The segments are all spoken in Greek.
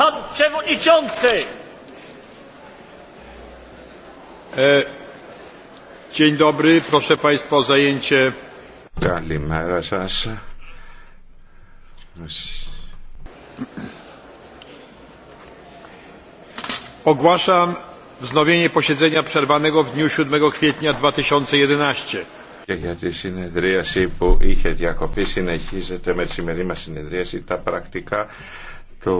Pan Przewodniczący! Dzień dobry, proszę Państwa o zajęcie. Καλημέρα Ogłaszam wznowienie posiedzenia przerwanego w dniu 7 kwietnia 2011. Και για τη συνεδρίαση που είχε διακοπεί συνεχίζεται με τη σημερινή μας συνεδρίαση τα πρακτικά του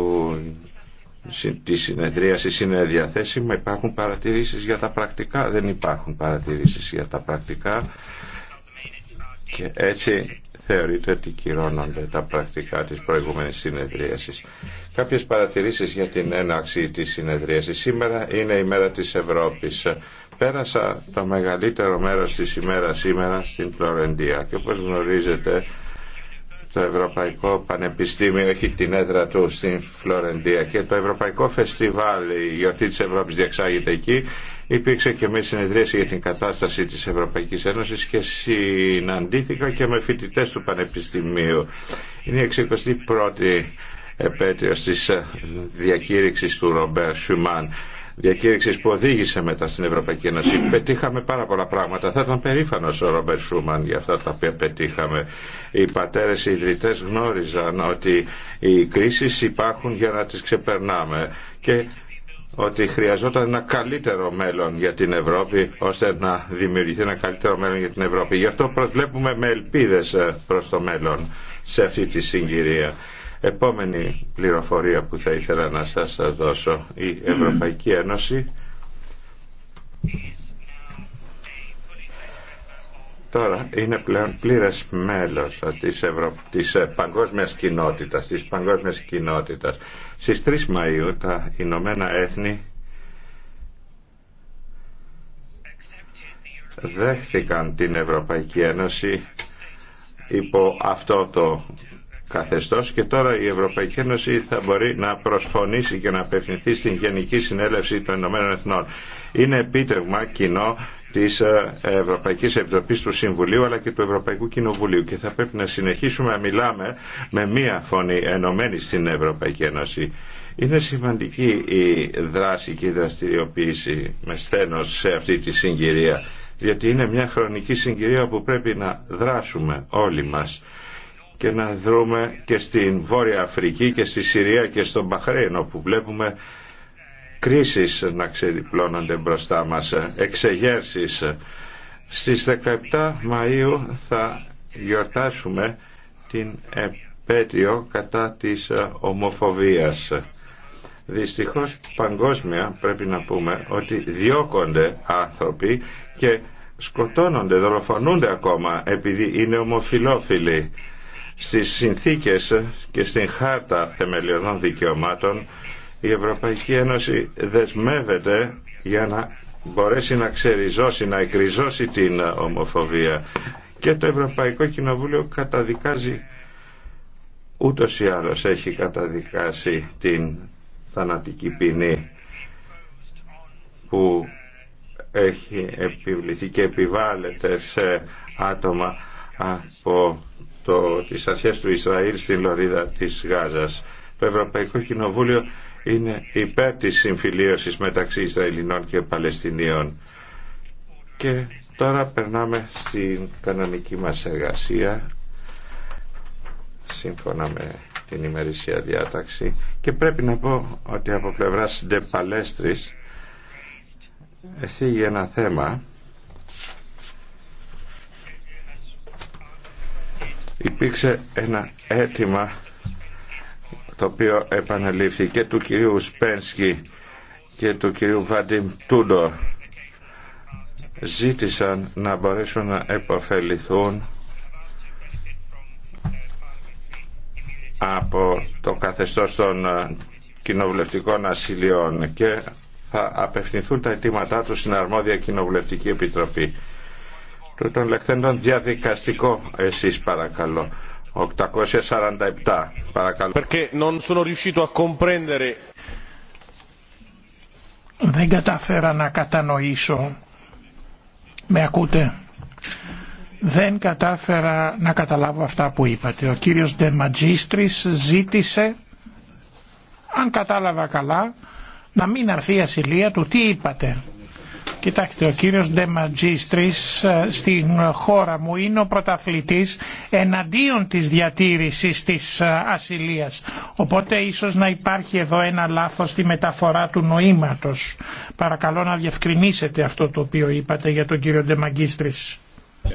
τη συνεδρίαση είναι διαθέσιμα. Υπάρχουν παρατηρήσεις για τα πρακτικά. Δεν υπάρχουν παρατηρήσεις για τα πρακτικά. Και έτσι θεωρείται ότι κυρώνονται τα πρακτικά της προηγούμενης συνεδρίασης. Κάποιες παρατηρήσεις για την έναξη της συνεδρίασης. Σήμερα είναι η μέρα της Ευρώπης. Πέρασα το μεγαλύτερο μέρος της ημέρας σήμερα στην Φλωρεντία και όπως γνωρίζετε το Ευρωπαϊκό Πανεπιστήμιο έχει την έδρα του στην Φλωρεντία και το Ευρωπαϊκό Φεστιβάλ η Γιορτή της Ευρώπης διεξάγεται εκεί υπήρξε και μια συνεδρίαση για την κατάσταση της Ευρωπαϊκής Ένωσης και συναντήθηκα και με φοιτητέ του Πανεπιστημίου είναι η 61η επέτειος της διακήρυξης του Ρομπέρ Σουμάν διακήρυξης που οδήγησε μετά στην Ευρωπαϊκή Ένωση. Πετύχαμε πάρα πολλά πράγματα. Θα ήταν περήφανο ο Ρόμπερ Σούμαν για αυτά τα οποία πετύχαμε. Οι πατέρες οι ιδρυτές γνώριζαν ότι οι κρίσει υπάρχουν για να τις ξεπερνάμε και ότι χρειαζόταν ένα καλύτερο μέλλον για την Ευρώπη, ώστε να δημιουργηθεί ένα καλύτερο μέλλον για την Ευρώπη. Γι' αυτό προσβλέπουμε με ελπίδες ε, προς το μέλλον σε αυτή τη συγκυρία. Επόμενη πληροφορία που θα ήθελα να σας δώσω. Η Ευρωπαϊκή Ένωση τώρα είναι πλέον πλήρες μέλος της, Ευρω... της ε, παγκόσμιας κοινότητας, της παγκόσμιας κοινότητας. Στις 3 Μαΐου τα Ηνωμένα Έθνη δέχθηκαν την Ευρωπαϊκή Ένωση υπό αυτό το καθεστώς και τώρα η Ευρωπαϊκή Ένωση θα μπορεί να προσφωνήσει και να απευθυνθεί στην Γενική Συνέλευση των Ηνωμένων Εθνών. Είναι επίτευγμα κοινό της ε, Ευρωπαϊκής Επιτροπής του Συμβουλίου αλλά και του Ευρωπαϊκού Κοινοβουλίου και θα πρέπει να συνεχίσουμε να μιλάμε με μία φωνή ενωμένη στην Ευρωπαϊκή Ένωση. Είναι σημαντική η δράση και η δραστηριοποίηση με σθένος σε αυτή τη συγκυρία διότι είναι μια χρονική συγκυρία που πρέπει να δράσουμε όλοι μας και να δρούμε και στην Βόρεια Αφρική και στη Συρία και στον Παχρέν όπου βλέπουμε κρίσεις να ξεδιπλώνονται μπροστά μας, εξεγέρσεις. Στις 17 Μαΐου θα γιορτάσουμε την επέτειο κατά της ομοφοβίας. Δυστυχώς παγκόσμια πρέπει να πούμε ότι διώκονται άνθρωποι και σκοτώνονται, δολοφονούνται ακόμα επειδή είναι ομοφιλόφιλοι. Στις συνθήκες και στην χάρτα θεμελιωδών δικαιωμάτων η Ευρωπαϊκή Ένωση δεσμεύεται για να μπορέσει να ξεριζώσει, να εκριζώσει την ομοφοβία. Και το Ευρωπαϊκό Κοινοβούλιο καταδικάζει, ούτως ή άλλως έχει καταδικάσει την θανατική ποινή που έχει επιβληθεί και επιβάλλεται σε άτομα από το, τις του Ισραήλ στην Λωρίδα της Γάζας. Το Ευρωπαϊκό Κοινοβούλιο είναι υπέρ της συμφιλίωσης μεταξύ Ισραηλινών και Παλαιστινίων. Και τώρα περνάμε στην κανονική μας εργασία σύμφωνα με την ημερησία διάταξη και πρέπει να πω ότι από πλευράς Ντεπαλέστρης εθίγει ένα θέμα υπήρξε ένα αίτημα το οποίο επανελήφθηκε και του κυρίου Σπένσκι και του κυρίου Βάντιμ Τούντο. ζήτησαν να μπορέσουν να επωφεληθούν από το καθεστώς των κοινοβουλευτικών ασυλιών και θα απευθυνθούν τα αιτήματά τους στην αρμόδια κοινοβουλευτική επιτροπή. Τούτων λεχθέντων διαδικαστικό εσείς παρακαλώ. 847 παρακαλώ. Δεν κατάφερα να κατανοήσω. Με ακούτε. Δεν κατάφερα να καταλάβω αυτά που είπατε. Ο κύριος Magistris ζήτησε, αν κατάλαβα καλά, να μην αρθεί η ασυλία του. Τι είπατε. Κοιτάξτε, ο κύριος Ντεματζίστρης ε, στην χώρα μου είναι ο πρωταθλητής εναντίον της διατήρησης της ε, ασυλίας. Οπότε ίσως να υπάρχει εδώ ένα λάθος στη μεταφορά του νοήματος. Παρακαλώ να διευκρινίσετε αυτό το οποίο είπατε για τον κύριο Ντεματζίστρης. Yes,